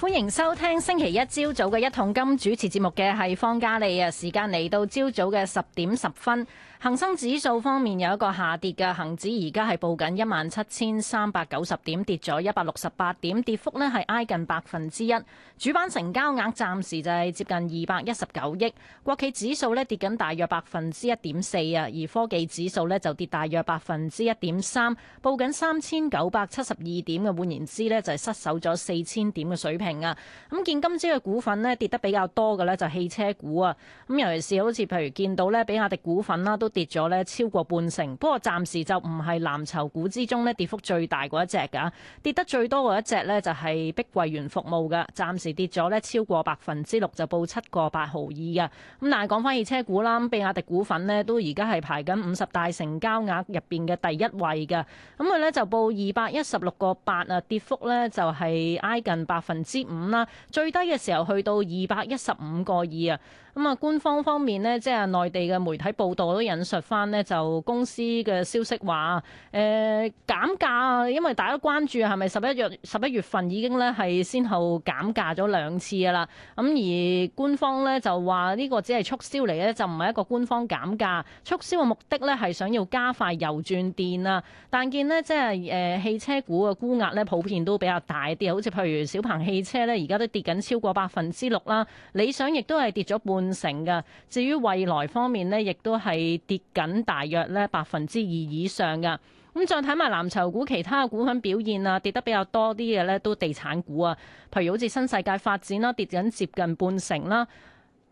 歡迎收聽星期一朝早嘅一桶金主持節目嘅係方嘉莉啊！時間嚟到朝早嘅十點十分，恒生指數方面有一個下跌嘅，恒指而家係報緊一萬七千三百九十點，跌咗一百六十八點，跌幅咧係挨近百分之一。主板成交額暫時就係接近二百一十九億，國企指數咧跌緊大約百分之一點四啊，而科技指數咧就跌大約百分之一點三，報緊三千九百七十二點嘅，換言之咧就係失守咗四千點嘅水平。啊，咁見今朝嘅股份呢，跌得比較多嘅呢，就汽車股啊，咁尤其是好似譬如見到呢，比亞迪股份啦都跌咗呢超過半成，不過暫時就唔係藍籌股之中呢，跌幅最大嗰一隻噶，跌得最多嗰一隻呢，就係碧桂園服務噶，暫時跌咗呢超過百分之六就報七個八毫二噶，咁但係講翻汽車股啦，咁比亞迪股份呢，都而家係排緊五十大成交額入邊嘅第一位噶，咁佢呢，就報二百一十六個八啊，跌幅呢，就係挨近百分之五啦，最低嘅時候去到二百一十五個二啊。咁、嗯、啊，官方方面呢，即係內地嘅媒體報道都引述翻呢，就公司嘅消息話，誒、呃、減價，因為大家關注係咪十一月十一月份已經呢，係先後減價咗兩次噶啦。咁、嗯、而官方呢、這個，就話呢個只係促銷嚟咧，就唔係一個官方減價，促銷嘅目的呢，係想要加快油轉電啊。但見呢，即係誒、呃、汽車股嘅沽壓呢，普遍都比較大啲，好似譬如小鵬汽。車呢而家都跌緊超過百分之六啦，理想亦都係跌咗半成㗎。至於未來方面呢，亦都係跌緊大約呢百分之二以上㗎。咁再睇埋藍籌股，其他嘅股份表現啊，跌得比較多啲嘅呢都地產股啊，譬如好似新世界發展啦，跌緊接近半成啦，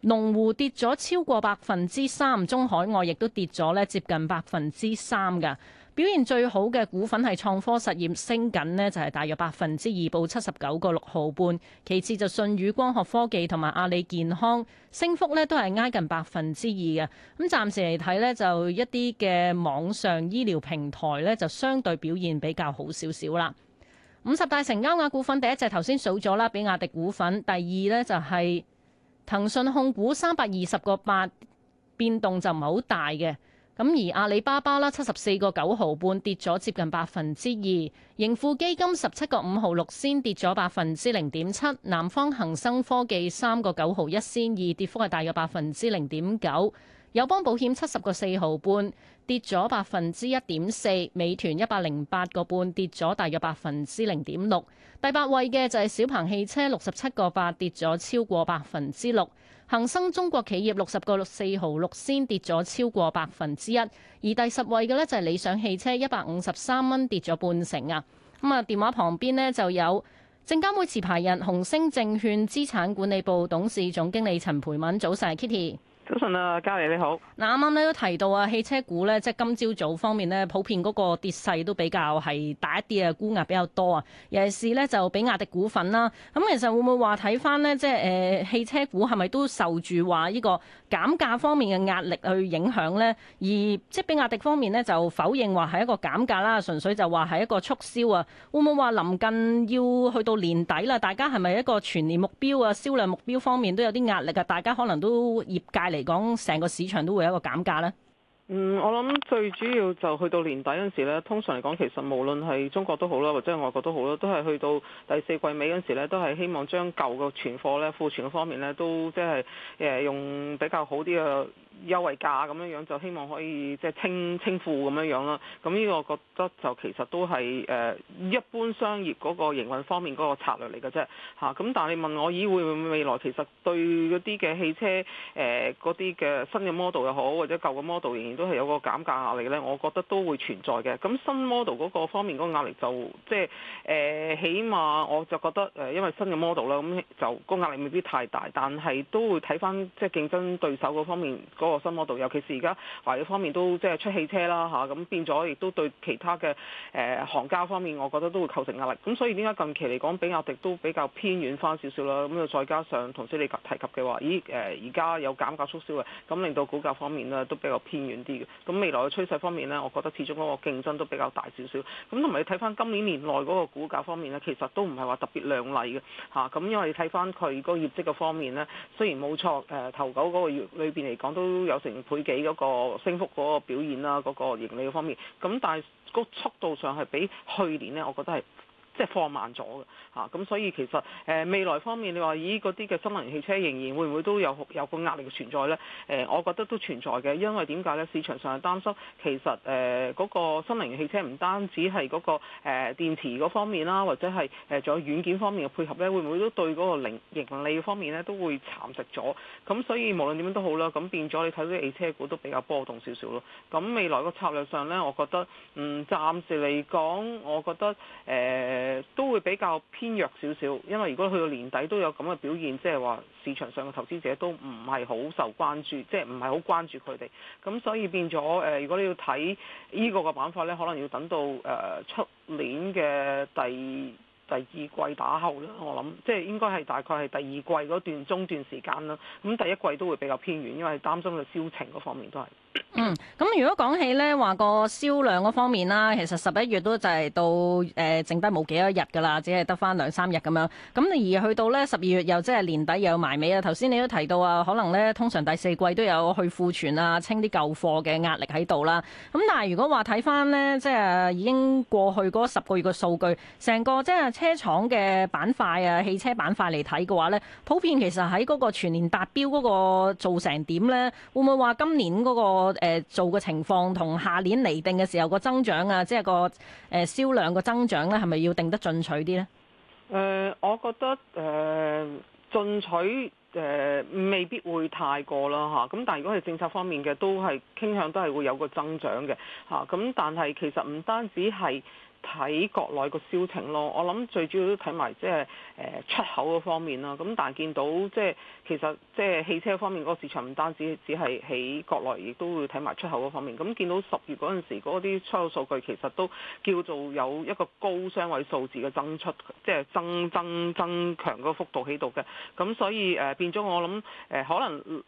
龍湖跌咗超過百分之三，中海外亦都跌咗呢接近百分之三㗎。表現最好嘅股份係創科實驗升，升緊呢就係、是、大約百分之二，報七十九個六毫半。其次就舜宇光學科技同埋阿里健康，升幅呢都係挨近百分之二嘅。咁、嗯、暫時嚟睇呢，就一啲嘅網上醫療平台呢，就相對表現比較好少少啦。五十大成交額股份第一隻頭先數咗啦，比亞迪股份。第二呢，就係、是、騰訊控股三百二十個八，變動就唔係好大嘅。咁而阿里巴巴啦，七十四個九毫半，跌咗接近百分之二。盈富基金十七個五毫六仙，跌咗百分之零點七。南方恒生科技三個九毫一仙二，跌幅係大約百分之零點九。友邦保險七十個四毫半，跌咗百分之一點四。美團一百零八個半，跌咗大約百分之零點六。第八位嘅就係小鵬汽車六十七個八，跌咗超過百分之六。恒生中國企業六十個六四毫六先跌咗超過百分之一，而第十位嘅咧就係理想汽車一百五十三蚊跌咗半成啊。咁啊，電話旁邊呢就有證監會持牌人、紅星證券資產管理部董事總經理陳蓓敏，早晨，Kitty。早晨啊，嘉麗你好。嗱，啱啱咧都提到啊，汽車股呢，即係今朝早方面呢，普遍嗰個跌勢都比較係大一啲啊，沽壓比較多啊。尤其是呢，就比亞迪股份啦。咁其實會唔會話睇翻呢？即係誒、呃、汽車股係咪都受住話呢個減價方面嘅壓力去影響呢？而即係比亞迪方面呢，就否認話係一個減價啦，純粹就話係一個促銷啊。會唔會話臨近要去到年底啦？大家係咪一個全年目標啊？銷量目標方面都有啲壓力啊？大家可能都業界嚟講，成個市場都會有一個減價呢。嗯，我諗最主要就去到年底嗰陣時呢，通常嚟講，其實無論係中國都好啦，或者係外國都好啦，都係去到第四季尾嗰陣時呢，都係希望將舊嘅存貨呢、庫存方面呢，都即係誒用比較好啲嘅。優惠價咁樣樣就希望可以即係清清庫咁樣樣啦。咁呢個我覺得就其實都係誒、呃、一般商業嗰個營運方面嗰個策略嚟嘅啫。嚇、啊、咁，但係你問我咦會唔會未來其實對嗰啲嘅汽車誒嗰啲嘅新嘅 model 又好或者舊嘅 model 仍然都係有個減價壓力咧？我覺得都會存在嘅。咁新 model 嗰個方面嗰個壓力就即係誒，起碼我就覺得誒、呃，因為新嘅 model 啦，咁就、嗰個壓力未必太大，但係都會睇翻即係競爭對手嗰方面。嗰心度，尤其是而家華爾方面都即係出汽車啦嚇，咁、啊、變咗亦都對其他嘅誒行家方面，我覺得都會構成壓力。咁所以點解近期嚟講，比亞迪都比較偏遠翻少少啦。咁又再加上，頭先你提及嘅話，咦誒而家有減價促銷嘅，咁令到股價方面呢都比較偏遠啲嘅。咁未來嘅趨勢方面呢，我覺得始終嗰個競爭都比較大少少。咁同埋你睇翻今年年內嗰個股價方面呢，其實都唔係話特別亮麗嘅嚇。咁、啊、因為你睇翻佢嗰個業績嘅方面呢，雖然冇錯誒，頭九嗰個月裏邊嚟講都都有成倍幾嗰個升幅嗰個表現啦、啊，嗰、那個盈利方面，咁但係個速度上係比去年咧，我覺得係。即係放慢咗嘅吓，咁、啊、所以其實誒、呃、未來方面，你話咦嗰啲嘅新能源汽車仍然會唔會都有有個壓力嘅存在呢？誒、呃，我覺得都存在嘅，因為點解呢？市場上係擔心其實誒嗰、呃那個新能源汽車唔單止係嗰、那個誒、呃、電池嗰方面啦，或者係仲有軟件方面嘅配合呢，會唔會都對嗰個盈利方面呢都會蠶食咗？咁所以無論點樣都好啦，咁變咗你睇到啲汽車股都比較波動少少咯。咁未來個策略上呢，我覺得嗯暫時嚟講，我覺得誒。都會比較偏弱少少，因為如果去到年底都有咁嘅表現，即係話市場上嘅投資者都唔係好受關注，即係唔係好關注佢哋，咁所以變咗誒、呃，如果你要睇呢個嘅板塊呢，可能要等到誒出、呃、年嘅第。第二季打後啦，我諗即係應該係大概係第二季嗰段中段時間啦。咁第一季都會比較偏遠，因為擔心個銷情嗰方面都係、嗯。嗯，咁如果講起呢話個銷量嗰方面啦，其實十一月都就係到誒、呃、剩低冇幾多日㗎啦，只係得翻兩三日咁樣。咁、嗯、而去到呢十二月又即係年底又埋尾啦。頭先你都提到啊，可能呢通常第四季都有去庫存啊、清啲舊貨嘅壓力喺度啦。咁、嗯、但係如果話睇翻呢，即係已經過去嗰十個月嘅數據，成個即係。即車廠嘅板塊啊，汽車板塊嚟睇嘅話呢，普遍其實喺嗰個全年達標嗰個做成點呢？會唔會話今年嗰個做嘅情況同下年嚟定嘅時候個增長啊，即係個誒銷量個增長呢，係咪要定得進取啲呢？誒，我覺得誒進取誒未必會太過啦嚇。咁但係如果係政策方面嘅，都係傾向都係會有個增長嘅嚇。咁但係其實唔單止係。睇國內個銷情咯，我諗最主要都睇埋即係誒出口嗰方面啦。咁但係見到即係其實即係汽車方面嗰個市場唔單止只係喺國內，亦都會睇埋出口嗰方面。咁見到十月嗰陣時嗰啲出口數據其實都叫做有一個高雙位數字嘅增出，即係增增增強嗰個幅度喺度嘅。咁所以誒變咗我諗誒可能。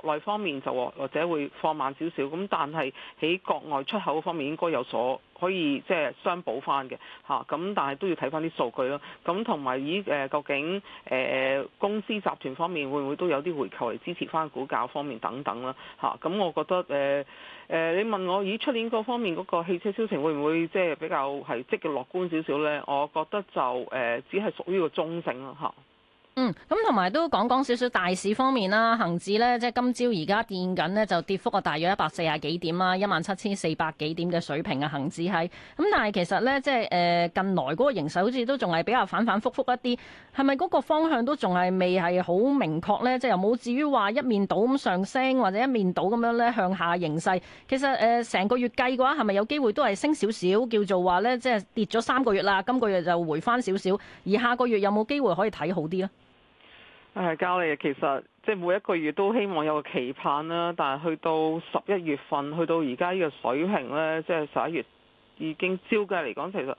國內方面就或者會放慢少少，咁但係喺國外出口方面應該有所可以即係相補翻嘅，嚇、咁但係都要睇翻啲數據咯。咁同埋以誒究竟誒、呃、公司集團方面會唔會都有啲回購嚟支持翻股價方面等等啦，嚇、啊、咁我覺得誒誒、呃、你問我以出年嗰方面嗰個汽車銷情會唔會即係比較係積極樂觀少少咧？我覺得就誒、呃、只係屬於個中性咯，嚇、啊。嗯，咁同埋都講講少少大市方面啦。恒指呢，即係今朝而家跌緊呢，就跌幅啊，大約一百四十幾點啦，一萬七千四百幾點嘅水平啊。恒指係咁，但係其實呢，即係誒近來嗰個形勢好似都仲係比較反反覆覆一啲，係咪嗰個方向都仲係未係好明確呢？即係又冇至於話一面倒咁上升，或者一面倒咁樣咧向下形勢。其實誒成、呃、個月計嘅話，係咪有機會都係升少少叫做話呢，即係跌咗三個月啦，今個月就回翻少少，而下個月有冇機會可以睇好啲呢？係，你嘅，其實即係每一個月都希望有個期盼啦。但係去到十一月份，去到而家呢個水平呢，即係十一月已經照計嚟講，其實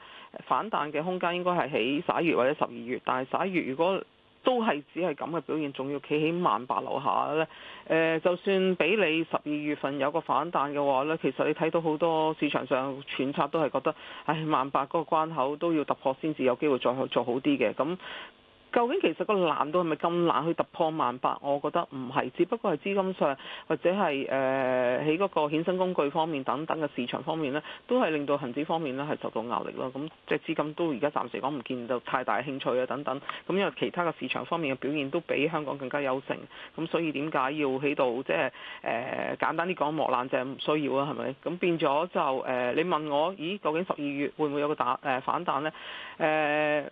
反彈嘅空間應該係喺十一月或者十二月。但係十一月如果都係只係咁嘅表現，仲要企喺萬八樓下呢？誒，就算俾你十二月份有個反彈嘅話呢，其實你睇到好多市場上揣測都係覺得，係萬八嗰個關口都要突破先至有機會再做好啲嘅。咁究竟其實個難度係咪咁難去突破萬八？我覺得唔係，只不過係資金上或者係誒喺嗰個衍生工具方面等等嘅市場方面呢，都係令到恒指方面呢係受到壓力咯。咁即係資金都而家暫時講唔見到太大興趣啊等等。咁因為其他嘅市場方面嘅表現都比香港更加優勝，咁所以點解要喺度即係誒簡單啲講，磨爛蓆，唔需要啦係咪？咁變咗就誒、呃、你問我，咦究竟十二月會唔會有個打誒、呃、反彈呢？誒、呃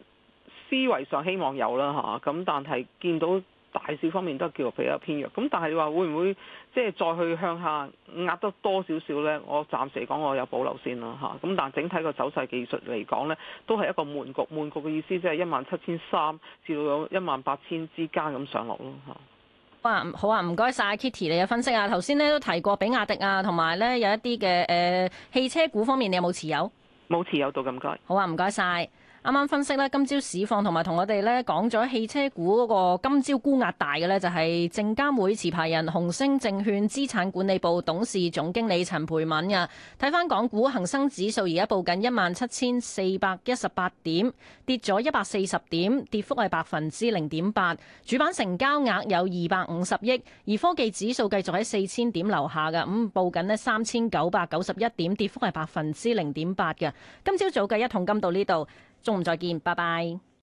思維上希望有啦嚇，咁但係見到大市方面都叫做比較偏弱。咁但係你話會唔會即係再去向下壓得多少少咧？我暫時嚟講我有保留先啦嚇。咁但整體個走勢技術嚟講咧，都係一個悶局。悶局嘅意思即係一萬七千三至到一萬八千之間咁上落咯嚇。好啊，好啊，唔該晒，Kitty 你嘅分析啊。頭先咧都提過比亞迪啊，同埋咧有一啲嘅誒汽車股方面，你有冇持有？冇持有到，咁該。好啊，唔該晒。啱啱分析呢，今朝市況同埋同我哋呢講咗汽車股嗰個今朝沽壓大嘅呢，就係證監會持牌人紅星證券資產管理部董事總經理陳蓓敏嘅。睇翻港股恒生指數而家報緊一萬七千四百一十八點，跌咗一百四十點，跌幅係百分之零點八。主板成交額有二百五十億，而科技指數繼續喺四千點樓下嘅，咁報緊呢，三千九百九十一點，跌幅係百分之零點八嘅。今朝早嘅一桶金到呢度。中午再見，拜拜。